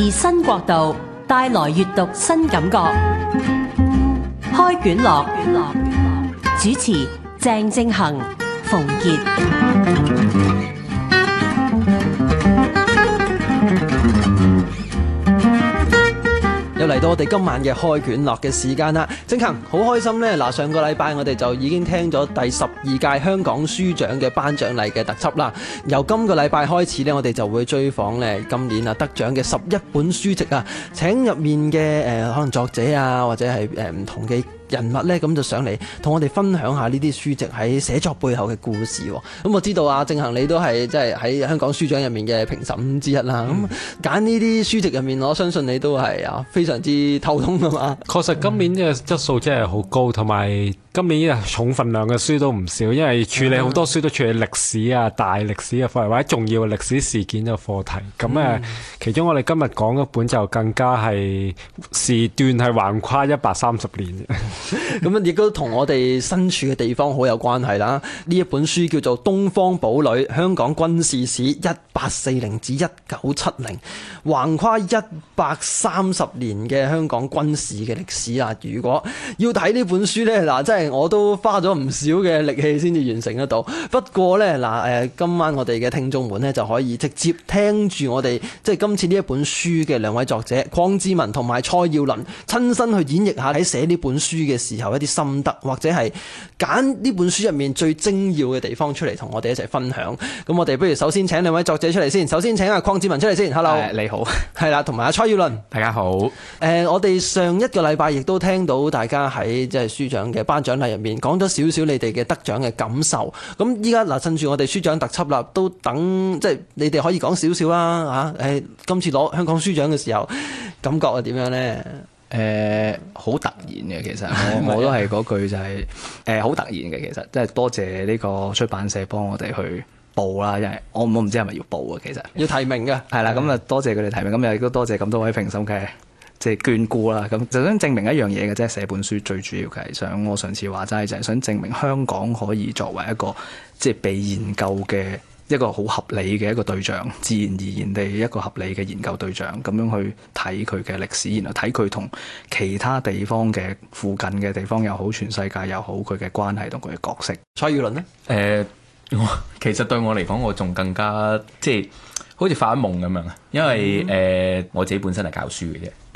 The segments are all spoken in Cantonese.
自新角度，帶來閱讀新感覺。開卷樂，主持鄭政恆、馮傑。嚟到我哋今晚嘅開卷樂嘅時間啦，正恒好開心呢。嗱，上個禮拜我哋就已經聽咗第十二屆香港書獎嘅頒獎禮嘅特輯啦。由今個禮拜開始呢，我哋就會追訪咧今年啊得獎嘅十一本書籍啊，請入面嘅誒、呃、可能作者啊，或者係誒唔同嘅。人物呢，咁就上嚟同我哋分享下呢啲書籍喺寫作背後嘅故事，哦。咁我知道啊，正恒你都係即係喺香港書獎入面嘅評審之一啦。咁揀呢啲書籍入面，我相信你都係啊非常之透通噶嘛。確實今年嘅質素真係好高，同埋。今年重份量嘅書都唔少，因為處理好多書都處理歷史啊、大歷史嘅課題或者重要歷史事件嘅課題，咁啊，其中我哋今日講一本就更加係時段係橫跨一百三十年，咁亦都同我哋身處嘅地方好有關係啦。呢一本書叫做《東方堡壘：香港軍事史一八四零至一九七零》，橫跨一百三十年嘅香港軍事嘅歷史啊！如果要睇呢本書咧，嗱真係。我都花咗唔少嘅力氣先至完成得到。不過呢，嗱，誒，今晚我哋嘅聽眾們呢，就可以直接聽住我哋，即係今次呢一本書嘅兩位作者鄺智文同埋蔡耀倫親身去演繹下喺寫呢本書嘅時候一啲心得，或者係揀呢本書入面最精要嘅地方出嚟同我哋一齊分享。咁我哋不如首先請兩位作者出嚟先，首先請阿鄺智文出嚟先。Hello，你好，係啦，同埋阿蔡耀倫，大家好。誒、呃，我哋上一個禮拜亦都聽到大家喺即係書獎嘅頒。獎勵入面講咗少少你哋嘅得獎嘅感受，咁依家嗱趁住我哋書獎特輯啦，都等即係你哋可以講少少啦，啊，誒今次攞香港書獎嘅時候感覺係點樣咧？誒、呃，好突然嘅其實，我都係嗰句就係誒好突然嘅其實，即係多謝呢個出版社幫我哋去報啦，因為我我唔知係咪要報啊，其實要提名嘅，係啦，咁啊多謝佢哋提名，咁又亦都多謝咁多位評審嘅。即係眷顧啦，咁就想證明一樣嘢嘅啫。寫本書最主要嘅係想，我上次話齋就係想證明香港可以作為一個即係、就是、被研究嘅一個好合理嘅一個對象，自然而然地一個合理嘅研究對象，咁樣去睇佢嘅歷史，然後睇佢同其他地方嘅附近嘅地方又好，全世界又好，佢嘅關係同佢嘅角色。蔡耀倫呢？誒、呃，其實對我嚟講，我仲更加即係好似發夢咁樣，因為誒、嗯呃、我自己本身係教書嘅啫。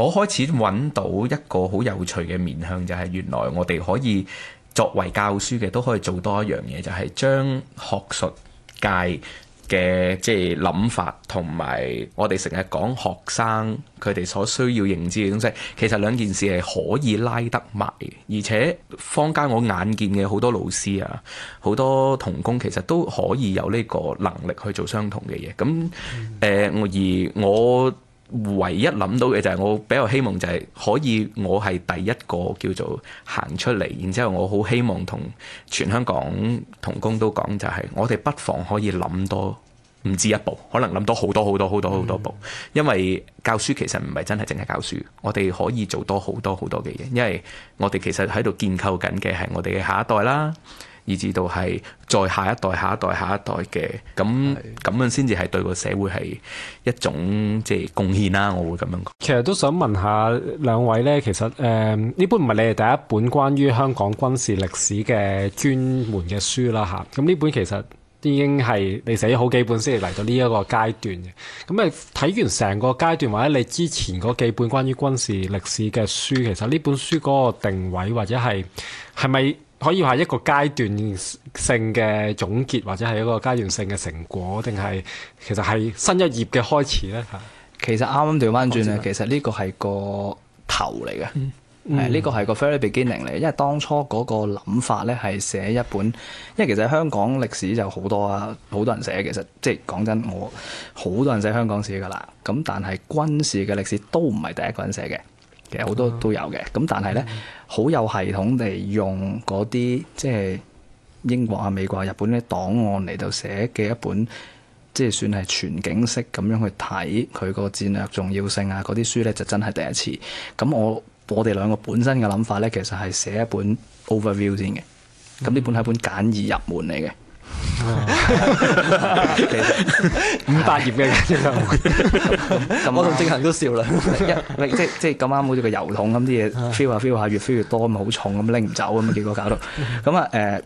我開始揾到一個好有趣嘅面向，就係、是、原來我哋可以作為教書嘅，都可以做多一樣嘢，就係、是、將學術界嘅即係諗法，同埋我哋成日講學生佢哋所需要認知嘅東西，其實兩件事係可以拉得埋，而且坊間我眼見嘅好多老師啊，好多同工其實都可以有呢個能力去做相同嘅嘢。咁誒，我、嗯呃、而我。唯一諗到嘅就係我比較希望就係可以我係第一個叫做行出嚟，然之後我好希望同全香港同工都講就係，我哋不妨可以諗多唔止一步，可能諗多好多好多好多好多好多步，因為教書其實唔係真係淨係教書，我哋可以做多好多好多嘅嘢，因為我哋其實喺度建構緊嘅係我哋嘅下一代啦。以至到係再下一代、下一代、下一代嘅咁咁樣先至係對個社會係一種即係、就是、貢獻啦，我會咁樣講。其實都想問下兩位呢。其實誒呢、嗯、本唔係你哋第一本關於香港軍事歷史嘅專門嘅書啦嚇。咁呢本其實已經係你寫咗好幾本先嚟到呢一個階段嘅。咁誒睇完成個階段或者你之前嗰幾本關於軍事歷史嘅書，其實呢本書嗰個定位或者係係咪是可以話一個階段性嘅總結，或者係一個階段性嘅成果，定係其實係新一頁嘅開始咧？嚇，其實啱啱調翻轉咧，嗯嗯、其實呢個係個頭嚟嘅，係呢、嗯、個係個 very beginning 嚟，因為當初嗰個諗法咧係寫一本，因為其實香港歷史就好多啊，好多人寫，其實即係講真，我好多人寫香港史噶啦，咁但係軍事嘅歷史都唔係第一個人寫嘅。其實好多都有嘅，咁但係咧、嗯、好有系統地用嗰啲即係英國啊、美國啊、日本啲檔案嚟到寫嘅一本，即係算係全景式咁樣去睇佢個戰略重要性啊嗰啲書咧就真係第一次。咁我我哋兩個本身嘅諗法咧，其實係寫一本 overview 先嘅。咁呢本係一本簡易入門嚟嘅。其實五百頁嘅， 頁 我同正行都笑啦。 一拎即即咁啱好似個油桶咁啲嘢 feel 下 feel 下越 feel 越多咁，好、嗯、重咁拎唔走咁啊！結果搞到咁啊誒，呢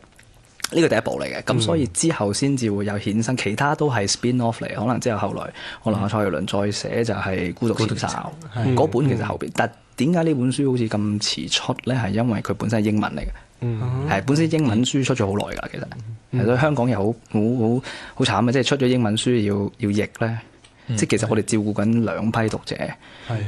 個、呃、第一步嚟嘅，咁所以之後先至會有衍生，其他都係 spin off 嚟，可能之後後來、嗯、可能阿蔡耀倫再寫就係、是《孤獨前哨》，嗰、嗯、本其實後邊，嗯、但點解呢本書好似咁遲出咧？係因為佢本身係英文嚟嘅。係、嗯、本身英文書出咗好耐噶，其實係咯，嗯、所香港又好好好好慘嘅，即係出咗英文書要要譯咧，嗯、即係其實我哋照顧緊兩批讀者，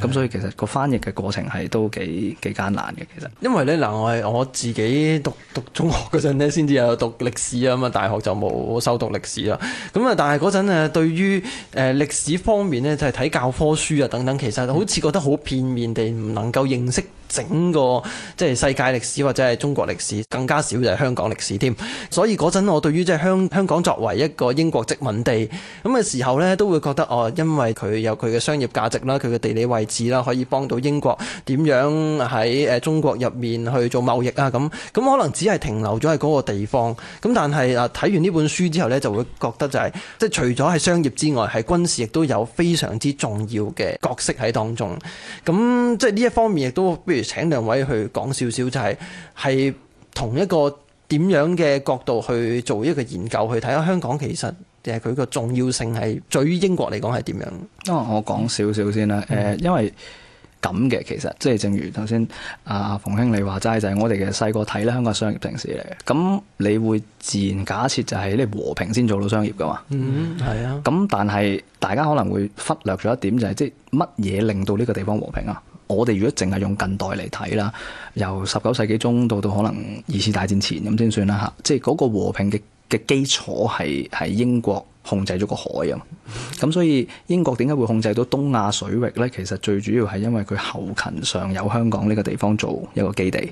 咁係所以其實個翻譯嘅過程係都幾幾艱難嘅，其實。因為咧嗱，我係我自己讀讀中學嗰陣咧，先至有讀歷史啊嘛，大學就冇修讀歷史啦。咁啊，但係嗰陣誒對於誒歷史方面咧，就係睇教科書啊等等，其實好似覺得好片面地唔能夠認識。整個即係世界歷史或者係中國歷史更加少就係香港歷史添，所以嗰陣我對於即係香香港作為一個英國殖民地咁嘅時候呢，都會覺得哦，因為佢有佢嘅商業價值啦，佢嘅地理位置啦，可以幫到英國點樣喺誒中國入面去做貿易啊咁，咁可能只係停留咗喺嗰個地方，咁但係啊睇完呢本書之後呢，就會覺得就係即係除咗係商業之外，係軍事亦都有非常之重要嘅角色喺當中，咁即係呢一方面亦都。請兩位去講少少、就是，就係係同一個點樣嘅角度去做一個研究，去睇下香港其實誒佢個重要性係，對於英國嚟講係點樣？啊、哦，我講少少先啦，誒、呃，因為咁嘅，其實即係正如頭先阿馮兄你話齋，就係、是、我哋其實細個睇咧，香港係商業城市嚟嘅，咁你會自然假設就係你和平先做到商業噶嘛？嗯，係啊。咁但係大家可能會忽略咗一點、就是，就係即係乜嘢令到呢個地方和平啊？我哋如果淨係用近代嚟睇啦，由十九世紀中到到可能二次大戰前咁先算啦吓，即係嗰個和平嘅嘅基礎係係英國控制咗個海啊，咁所以英國點解會控制到東亞水域咧？其實最主要係因為佢後勤上有香港呢個地方做一個基地，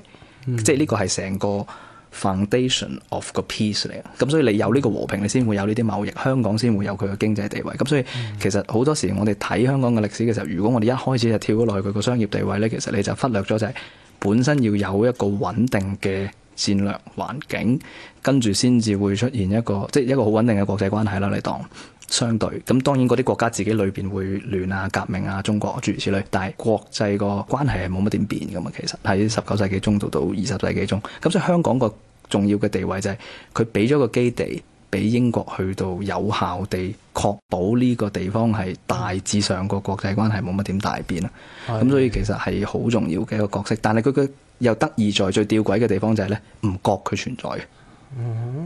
嗯、即係呢個係成個 foundation of 個 peace 嚟啊，咁所以你有呢個和平，你先會有呢啲貿易，香港先會有佢嘅經濟地位。咁所以其實好多時我哋睇香港嘅歷史嘅時候，如果我哋一開始就跳咗落去佢個商業地位咧，其實你就忽略咗就係本身要有一個穩定嘅。戰略環境跟住先至會出現一個即係一個好穩定嘅國際關係啦。你當相對咁，當然嗰啲國家自己裏邊會亂啊、革命啊、中國諸如此類。但係國際個關係係冇乜點變㗎嘛。其實喺十九世紀中度到二十世紀中，咁所以香港個重要嘅地位就係佢俾咗個基地俾英國去到有效地確保呢個地方係大致上個國際關係冇乜點大變啦。咁的所以其實係好重要嘅一個角色，但係佢嘅。又得意在最吊詭嘅地方就係咧，唔覺佢存在嘅，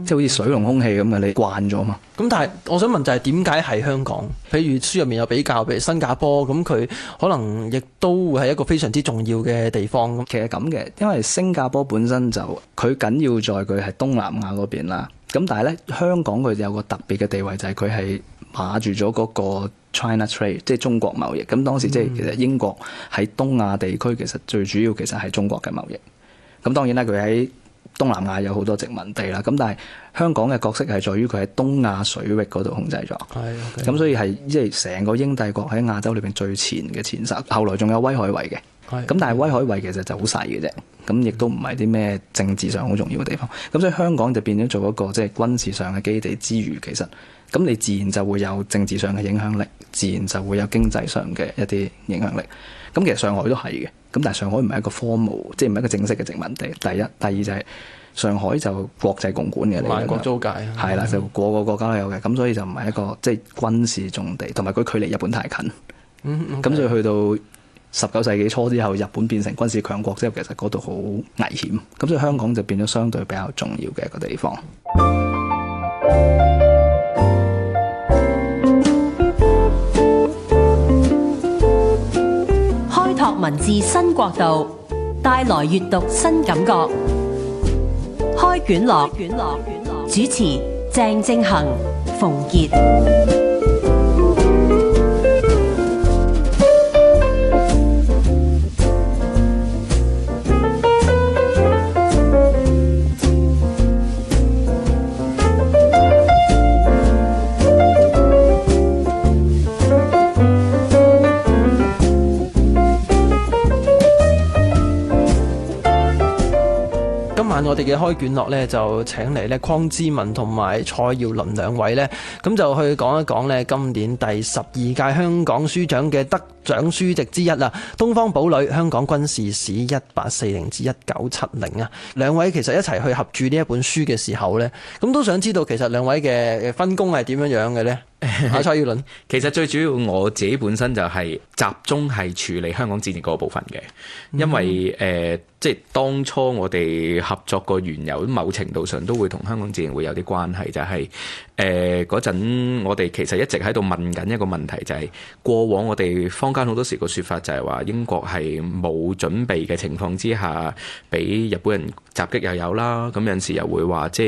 即係好似水同空氣咁嘅，你慣咗嘛？咁但係我想問就係點解係香港？譬如書入面有比較，譬如新加坡咁，佢可能亦都會係一個非常之重要嘅地方。其實咁嘅，因為新加坡本身就佢緊要在佢係東南亞嗰邊啦。咁但係咧，香港佢有個特別嘅地位就係佢係馬住咗嗰個。China trade 即係中國貿易，咁當時即係其實英國喺東亞地區其實最主要其實係中國嘅貿易。咁當然啦，佢喺東南亞有好多殖民地啦。咁但係香港嘅角色係在於佢喺東亞水域嗰度控制咗。係，咁、okay. 所以係即係成個英帝國喺亞洲裏邊最前嘅前哨，後來仲有威海衛嘅，咁、okay. 但係威海衛其實就好細嘅啫。咁亦都唔係啲咩政治上好重要嘅地方。咁所以香港就變咗做一個即係軍事上嘅基地之餘，其實。咁你自然就會有政治上嘅影響力，自然就會有經濟上嘅一啲影響力。咁其實上海都係嘅，咁但係上海唔係一個 formal，即係唔係一個正式嘅殖民地。第一，第二就係上海就國際共管嘅地方。國租界係啦的，就個個國家都有嘅，咁的所以就唔係一個即係、就是、軍事重地，同埋佢距離日本太近。咁、嗯 okay. 所以去到十九世紀初之後，日本變成軍事強國之後，其實嗰度好危險。咁所以香港就變咗相對比較重要嘅一個地方。 文字新國度帶來閱讀新感覺，開卷樂，卷樂主持鄭政恆、馮傑。我哋嘅開卷樂咧，就請嚟咧鄺智文同埋蔡耀倫兩位咧，咁就去講一講咧今年第十二屆香港書獎嘅得上書籍之一啦，《東方堡壘：香港軍事史1840至1970》啊19，兩位其實一齊去合著呢一本書嘅時候呢，咁都想知道其實兩位嘅分工係點樣樣嘅呢？阿蔡耀倫，其實最主要我自己本身就係集中係處理香港戰役嗰部分嘅，因為誒、mm hmm. 呃，即係當初我哋合作個緣由，某程度上都會同香港戰役會有啲關係，就係、是。誒嗰陣，呃、我哋其實一直喺度問緊一個問題、就係，就係過往我哋坊間好多時個説法就係話英國係冇準備嘅情況之下，俾日本人襲擊又有啦。咁、嗯、有陣時又會話即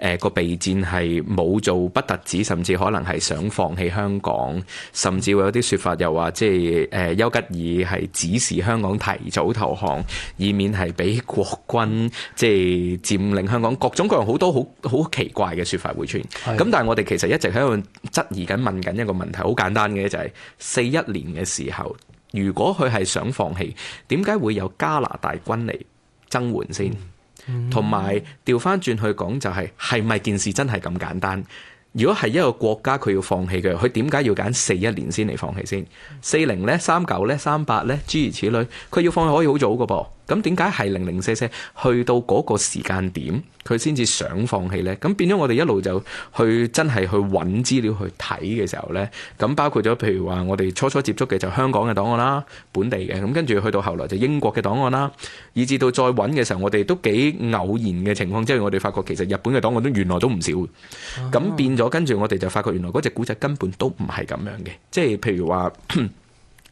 係誒個備戰係冇做不特止，甚至可能係想放棄香港，甚至會有啲説法又話即係誒丘吉爾係指示香港提早投降，以免係俾國軍即係佔領香港。各種各樣好多好好奇怪嘅説法會出現，咁但係我哋其實一直喺度質疑緊問緊一個問題，好簡單嘅就係四一年嘅時候，如果佢係想放棄，點解會有加拿大軍嚟增援先？同埋調返轉去講就係係咪件事真係咁簡單？如果係一個國家佢要放棄嘅，佢點解要揀四一年先嚟放棄先？四零咧、三九咧、三八咧，諸如此類，佢要放棄可以好早噶噃。咁點解係零零四四去到嗰個時間點，佢先至想放棄呢？咁變咗我哋一路就去真係去揾資料去睇嘅時候呢，咁包括咗譬如話我哋初初接觸嘅就香港嘅檔案啦，本地嘅，咁跟住去到後來就英國嘅檔案啦，以至到再揾嘅時候，我哋都幾偶然嘅情況之下，我哋發覺其實日本嘅檔案都原來都唔少。咁變咗，跟住我哋就發覺原來嗰隻故仔根本都唔係咁樣嘅，即係譬如話。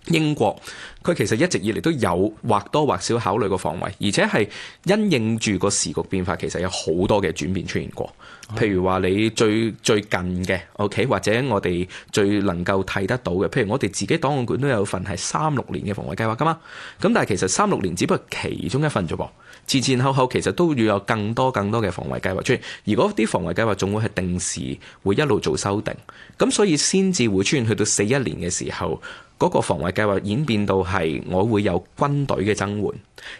英國佢其實一直以嚟都有或多或少考慮過防衞，而且係因應住個時局變化，其實有好多嘅轉變出現過。譬如話你最最近嘅，OK，或者我哋最能夠睇得到嘅，譬如我哋自己檔案館都有份係三六年嘅防衞計劃噶嘛。咁但係其實三六年只不過其中一份啫噃，前前後後其實都要有更多更多嘅防衞計劃出現。如果啲防衞計劃仲會係定時會一路做修訂。咁所以先至會出現去到四一年嘅時候，嗰個防衞計劃演變到係我會有軍隊嘅增援，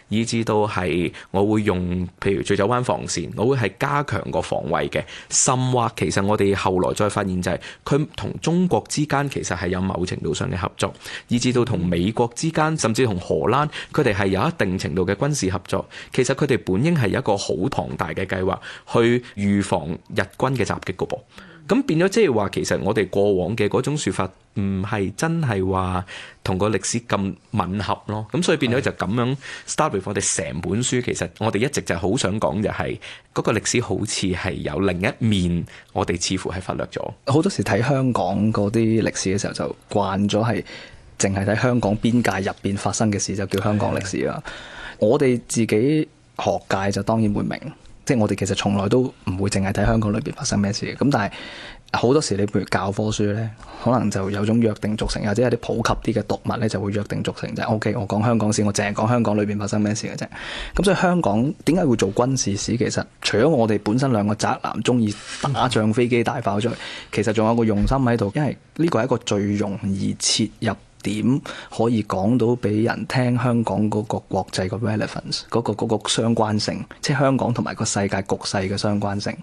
以至到係我會用譬如醉酒灣防線，我會係加強個防衞。甚或其實我哋後來再發現就係佢同中國之間其實係有某程度上嘅合作，以至到同美國之間甚至同荷蘭，佢哋係有一定程度嘅軍事合作。其實佢哋本應係一個好龐大嘅計劃，去預防日軍嘅襲擊個噃。咁變咗，即係話其實我哋過往嘅嗰種説法，唔係真係話同個歷史咁吻合咯。咁所以變咗就咁樣。Start with，我哋成本書其實我哋一直就好想講，就係嗰個歷史好似係有另一面，我哋似乎係忽略咗。好多時睇香港嗰啲歷史嘅時候就，就慣咗係淨係睇香港邊界入邊發生嘅事就叫香港歷史啦。的我哋自己學界就當然會明。即係我哋其實從來都唔會淨係睇香港裏邊發生咩事嘅，咁但係好多時你譬如教科書呢，可能就有種約定俗成，或者有啲普及啲嘅讀物呢，就會約定俗成就係 OK，我講香港先，我淨係講香港裏邊發生咩事嘅啫。咁、嗯、所以香港點解會做軍事史？其實除咗我哋本身兩個宅男中意打仗、飛機、大炮之外，其實仲有個用心喺度，因為呢個係一個最容易切入。點可以講到俾人聽香港嗰個國際嘅 relevance，嗰個嗰個相關性，即係香港同埋個世界局勢嘅相關性。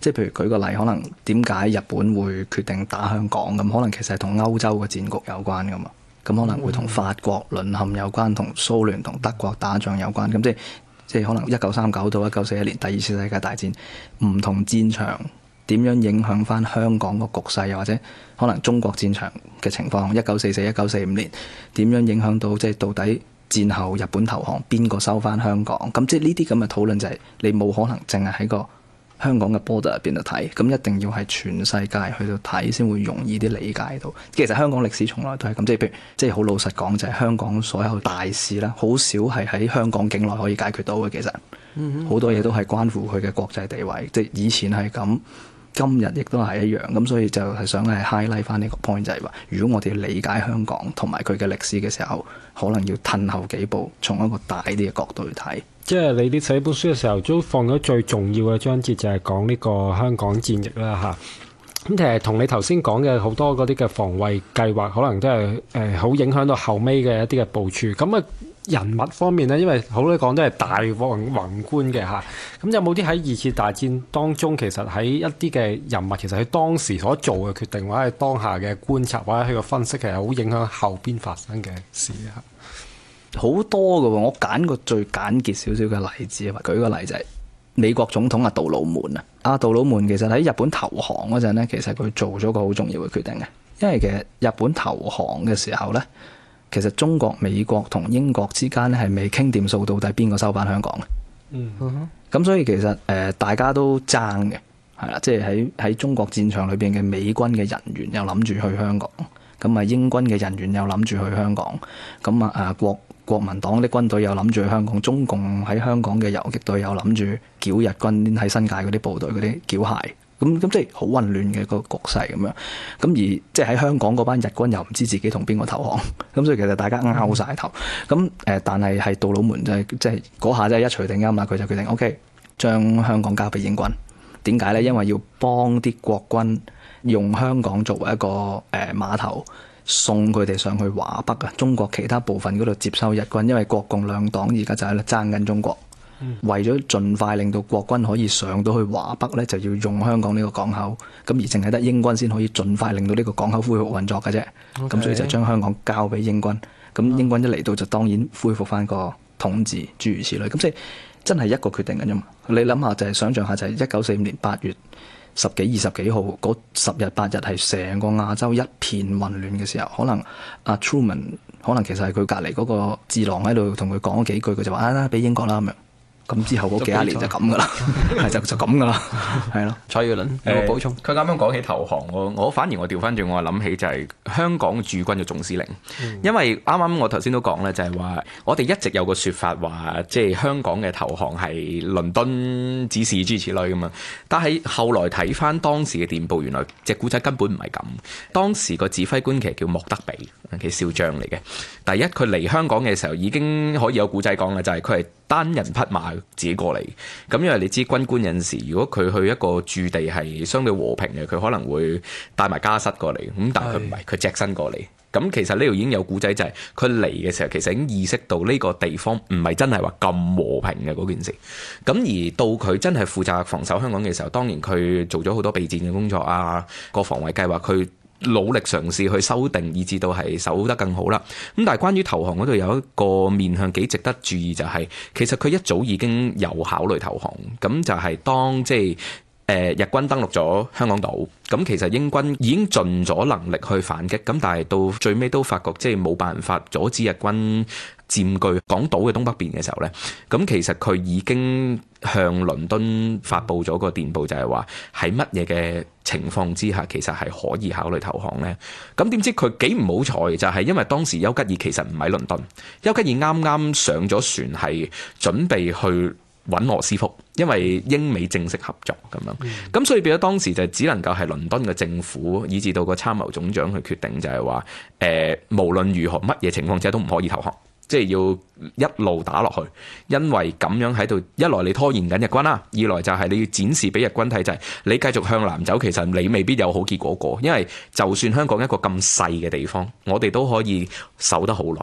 即係譬如舉個例，可能點解日本會決定打香港咁？可能其實係同歐洲嘅戰局有關噶嘛。咁可能會同法國淪陷有關，同蘇聯同德國打仗有關。咁即係即係可能一九三九到一九四一年第二次世界大戰唔同戰場，點樣影響翻香港個局勢，又或者可能中國戰場嘅情況？一九四四、一九四五年點樣影響到即係到底戰後日本投降，邊個收翻香港？咁即係呢啲咁嘅討論就係你冇可能淨係喺個香港嘅 border 入邊度睇，咁一定要係全世界去到睇先會容易啲理解到。其實香港歷史從來都係咁，即係譬如即係好老實講，就係香港所有大事咧，好少係喺香港境內可以解決到嘅。其實好多嘢都係關乎佢嘅國際地位，即係以前係咁。今日亦都係一樣，咁所以就係想係 highlight 返呢個 point，就係話，如果我哋理解香港同埋佢嘅歷史嘅時候，可能要褪後幾步，從一個大啲嘅角度去睇。即係你哋寫本書嘅時候，都放咗最重要嘅章節，就係講呢個香港戰役啦，吓、啊，咁其實，同你頭先講嘅好多嗰啲嘅防衞計劃，可能都係誒好影響到後尾嘅一啲嘅部署。咁啊～人物方面咧，因為好你講都係大宏宏觀嘅嚇，咁有冇啲喺二次大戰當中，其實喺一啲嘅人物，其實喺當時所做嘅決定，或者係當下嘅觀察，或者佢嘅分析，其實好影響後邊發生嘅事啊！好多嘅喎，我揀個最簡潔少少嘅例子啊，舉個例子，美國總統啊杜魯門啊，阿杜魯門其實喺日本投降嗰陣呢，其實佢做咗個好重要嘅決定嘅，因為其實日本投降嘅時候呢。其實中國、美國同英國之間咧，係未傾掂數，到底邊個收翻香港嘅？咁、嗯、所以其實誒、呃，大家都爭嘅係啦，即係喺喺中國戰場裏邊嘅美軍嘅人員又諗住去香港，咁啊英軍嘅人員又諗住去香港，咁啊啊國國民黨啲軍隊又諗住去香港，中共喺香港嘅遊擊隊又諗住繳日軍喺新界嗰啲部隊嗰啲繳械。咁咁即係好混亂嘅一個局勢咁樣，咁而即係喺香港嗰班日軍又唔知自己同邊個投降，咁所以其實大家拗晒頭，咁誒但係係杜魯門就係即係嗰下即係一錘定音啦，佢就決定 OK，將香港交俾英軍。點解咧？因為要幫啲國軍用香港作為一個誒碼頭，送佢哋上去華北啊，中國其他部分嗰度接收日軍，因為國共兩黨而家就係爭緊中國。為咗盡快令到國軍可以上到去華北咧，就要用香港呢個港口。咁而淨係得英軍先可以盡快令到呢個港口恢復運作嘅啫。咁 Okay. 所以就將香港交俾英軍。咁英軍一嚟到就當然恢復返個統治，諸如此類。咁即係真係一個決定嘅啫嘛。你諗下就係想像下，就係一九四五年八月十幾二十幾號嗰十日八日係成個亞洲一片混亂嘅時候，可能阿、啊、Truman 可能其實係佢隔籬嗰個智囊喺度同佢講咗幾句，佢就話啊啦，俾英國啦咁樣。咁之後嗰幾十年就咁噶啦， 就就咁噶啦，係咯 的。蔡耀倫，有冇補充？佢啱啱講起投降，我反而我調翻轉，我諗起就係香港駐軍嘅總司令，嗯、因為啱啱我頭先都講咧，就係話我哋一直有個說法話，即係香港嘅投降係倫敦指示諸如此類咁嘛。但係後來睇翻當時嘅電報，原來隻古仔根本唔係咁。當時個指揮官其實叫莫德比，佢少將嚟嘅。第一，佢嚟香港嘅時候已經可以有古仔講啦，就係佢係單人匹馬。自己過嚟，咁因為你知軍官有時，如果佢去一個駐地係相對和平嘅，佢可能會帶埋家室過嚟，咁但係佢唔係，佢隻身過嚟。咁其實呢度已經有古仔、就是，就係佢嚟嘅時候，其實已經意識到呢個地方唔係真係話咁和平嘅嗰件事。咁而到佢真係負責防守香港嘅時候，當然佢做咗好多備戰嘅工作啊，個防衛計劃佢。努力嘗試去修訂，以至到係守得更好啦。咁但係關於投降嗰度有一個面向幾值得注意，就係，就係其實佢一早已經有考慮投降。咁就係當即係誒、呃、日軍登陸咗香港島，咁其實英軍已經盡咗能力去反擊，咁但係到最尾都發覺即係冇辦法阻止日軍佔據港島嘅東北邊嘅時候呢，咁其實佢已經向倫敦發布咗個電報就，就係話喺乜嘢嘅情況之下，其實係可以考慮投降呢？咁點知佢幾唔好彩，就係、是、因為當時丘吉爾其實唔喺倫敦，丘吉爾啱啱上咗船，係準備去揾羅斯福，因為英美正式合作咁樣。咁所以變咗當時就只能夠係倫敦嘅政府，以至到個參謀總長去決定就，就係話誒，無論如何乜嘢情況之下都唔可以投降。即係要一路打落去，因為咁樣喺度，一來你拖延緊日軍啦，二來就係你要展示俾日軍睇就係、是、你繼續向南走，其實你未必有好結果過，因為就算香港一個咁細嘅地方，我哋都可以守得好耐。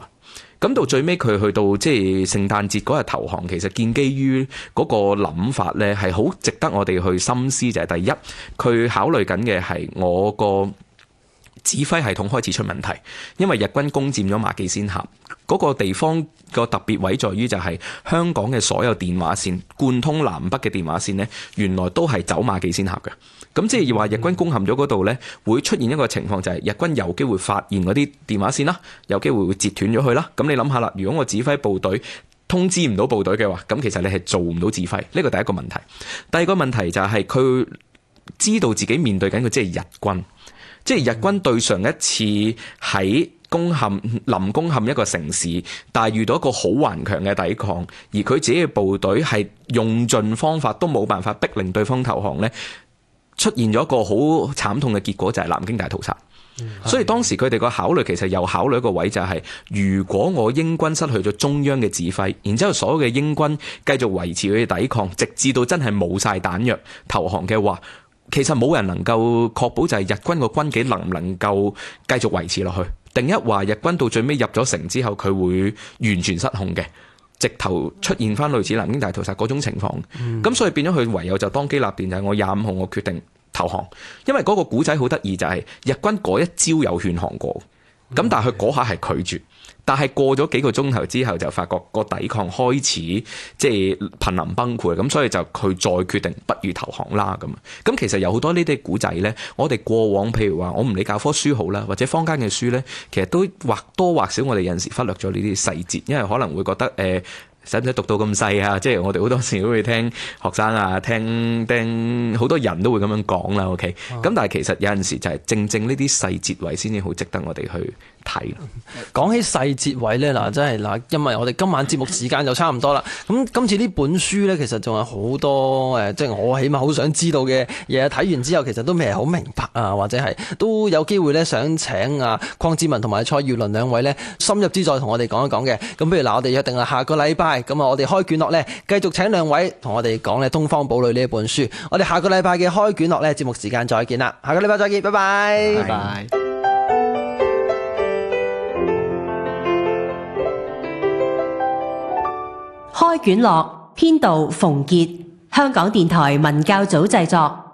咁到最尾佢去到即係聖誕節嗰日投降，其實建基於嗰個諗法呢，係好值得我哋去深思。就係、是、第一，佢考慮緊嘅係我個。指揮系統開始出問題，因為日軍攻佔咗馬己仙峽嗰個地方個特別位，在於就係香港嘅所有電話線貫通南北嘅電話線呢，原來都係走馬己仙峽嘅。咁即係話日軍攻陷咗嗰度呢，會出現一個情況，就係日軍有機會發現嗰啲電話線啦，有機會會截斷咗佢啦。咁你諗下啦，如果我指揮部隊通知唔到部隊嘅話，咁其實你係做唔到指揮，呢個第一個問題。第二個問題就係、是、佢知道自己面對緊嘅即係日軍。即係日軍對上一次喺攻陷、臨攻陷一個城市，但係遇到一個好頑強嘅抵抗，而佢自己嘅部隊係用盡方法都冇辦法逼令對方投降呢，出現咗一個好慘痛嘅結果就係、是、南京大屠殺。嗯、所以當時佢哋個考慮其實又考慮一個位就係、是，如果我英軍失去咗中央嘅指揮，然之後所有嘅英軍繼續維持佢嘅抵抗，直至到真係冇晒彈藥投降嘅話。其實冇人能夠確保就係日軍個軍紀能唔能夠繼續維持落去。定一話日軍到最尾入咗城之後，佢會完全失控嘅，直頭出現翻類似南京大屠殺嗰種情況。咁所以變咗佢唯有就當機立斷，就係我廿五號我決定投降。因為嗰個古仔好得意，就係日軍嗰一招有勸降過，咁但係佢嗰下係拒絕。但係過咗幾個鐘頭之後，就發覺個抵抗開始即係瀕臨崩潰，咁所以就佢再決定不如投降啦。咁，咁其實有好多呢啲古仔呢，我哋過往譬如話，我唔理教科書好啦，或者坊間嘅書呢，其實都或多或少我哋有陣時忽略咗呢啲細節，因為可能會覺得誒，使唔使讀到咁細啊？即係我哋好多時都會聽學生啊，聽聽好多人都會咁樣講啦。OK，咁、啊、但係其實有陣時就係正正呢啲細節位先至好值得我哋去。睇，講起細節位呢，嗱真係嗱，因為我哋今晚節目時間就差唔多啦。咁今次呢本書呢，其實仲有好多誒，即係我起碼好想知道嘅嘢，睇完之後，其實都未係好明白啊，或者係都有機會呢。想請啊，鄺智文、同埋蔡耀倫兩位呢，深入之再同我哋講一講嘅。咁，不如嗱，我哋約定啊，下個禮拜，咁啊，我哋開卷樂呢，繼續請兩位同我哋講呢東方堡壘》呢一本書。我哋下個禮拜嘅開卷樂呢，節目時間再見啦。下個禮拜再見，拜拜。拜。開卷樂編導馮杰，香港電台文教組製作。